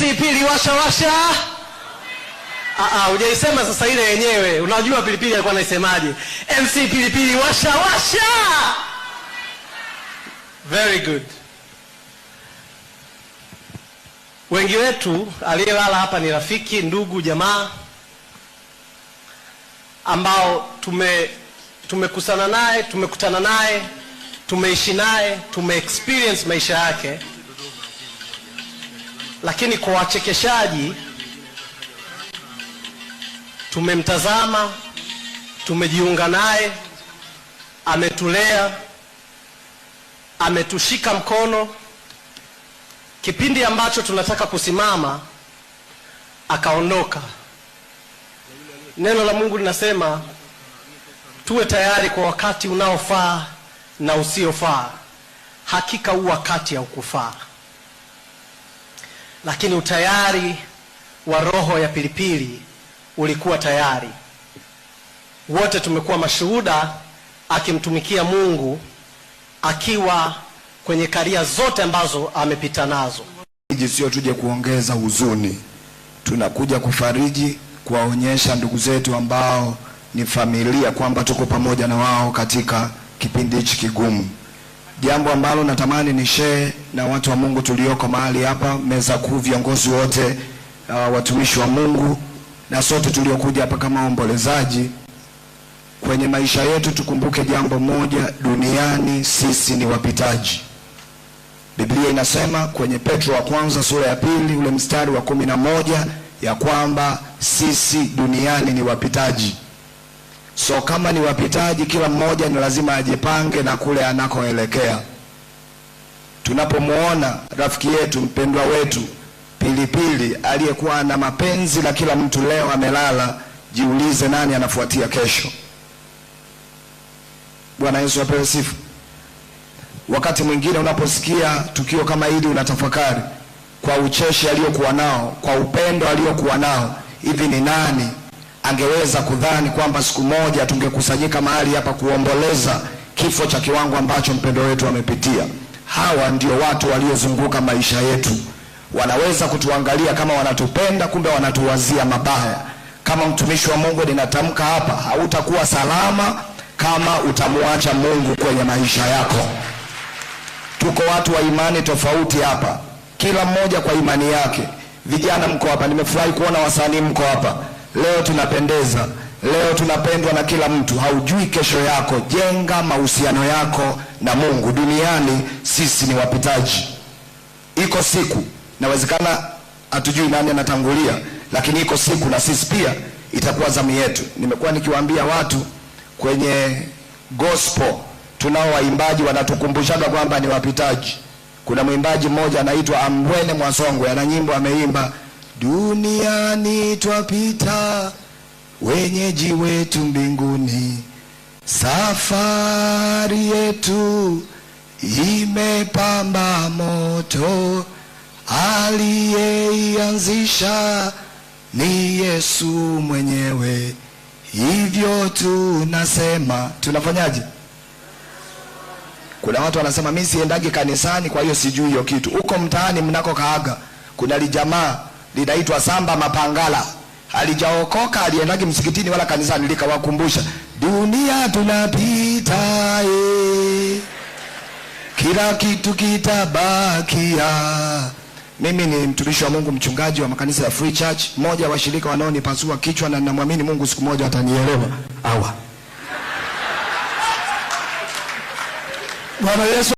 ACT liwasha washa. Ah, ah, hujaisema sasa ile yenyewe. Unajua pilipili alikuwa naisemaje MC pilipili washa washa. Very good. Wengi wetu aliyelala hapa ni rafiki, ndugu, jamaa ambao tume tumekusana naye, tumekutana naye, tumeishi naye, tumeexperience maisha yake. Lakini kwa wachekeshaji tumemtazama, tumejiunga naye, ametulea, ametushika mkono kipindi ambacho tunataka kusimama, akaondoka. Neno la Mungu linasema tuwe tayari kwa wakati unaofaa na usiofaa. Hakika huu wakati haukufaa lakini utayari wa roho ya pilipili ulikuwa tayari. Wote tumekuwa mashuhuda akimtumikia Mungu akiwa kwenye karia zote ambazo amepita nazo. Sio tuje kuongeza huzuni, tunakuja kufariji, kuwaonyesha ndugu zetu ambao ni familia kwamba tuko pamoja na wao katika kipindi hichi kigumu jambo ambalo natamani ni share na watu wa Mungu tulioko mahali hapa, meza kuu, viongozi wote, uh, watumishi wa Mungu na sote tuliokuja hapa kama waombolezaji. Kwenye maisha yetu tukumbuke jambo moja, duniani sisi ni wapitaji. Biblia inasema kwenye Petro wa kwanza sura ya pili ule mstari wa kumi na moja ya kwamba sisi duniani ni wapitaji. So kama ni wapitaji, kila mmoja ni lazima ajipange na kule anakoelekea. Tunapomwona rafiki yetu mpendwa wetu Pilipili aliyekuwa na mapenzi na kila mtu, leo amelala, jiulize nani anafuatia kesho. Bwana Yesu apewe sifa. Wakati mwingine unaposikia tukio kama hili, unatafakari kwa ucheshi aliyokuwa nao, kwa upendo aliyokuwa nao, hivi ni nani angeweza kudhani kwamba siku moja tungekusanyika mahali hapa kuomboleza kifo cha kiwango ambacho mpendo wetu amepitia. Hawa ndio watu waliozunguka maisha yetu, wanaweza kutuangalia kama wanatupenda, kumbe wanatuwazia mabaya. Kama mtumishi wa Mungu ninatamka hapa, hautakuwa salama kama utamwacha Mungu kwenye maisha yako. Tuko watu wa imani tofauti hapa, kila mmoja kwa imani yake. Vijana mko hapa, nimefurahi kuona wasanii mko hapa. Leo tunapendeza, leo tunapendwa na kila mtu. Haujui kesho yako. Jenga mahusiano yako na Mungu. Duniani sisi ni wapitaji, iko siku nawezekana hatujui nani anatangulia, lakini iko siku na sisi pia itakuwa zamu yetu. Nimekuwa nikiwaambia watu kwenye gospel, tunao waimbaji wanatukumbushaga kwamba ni wapitaji. Kuna mwimbaji mmoja anaitwa Ambwene Mwasongwe, ana nyimbo ameimba Duniani twapita, wenyeji wetu mbinguni. Safari yetu imepamba moto, aliyeianzisha ni Yesu mwenyewe. Hivyo tunasema, tunafanyaje? Kuna watu wanasema mimi siendagi kanisani, kwa hiyo sijui hiyo kitu. Huko mtaani kaaga kuna lijamaa linaitwa Samba Mapangala, alijaokoka aliendagi msikitini wala kanisani, likawakumbusha dunia tunapita, e, kila kitu kitabakia. Mimi ni mtumishi wa Mungu, mchungaji wa makanisa ya Free Church, mmoja wa shirika wanaonipasua kichwa, na namwamini Mungu siku moja atanielewa. Awa, Bwana Yesu.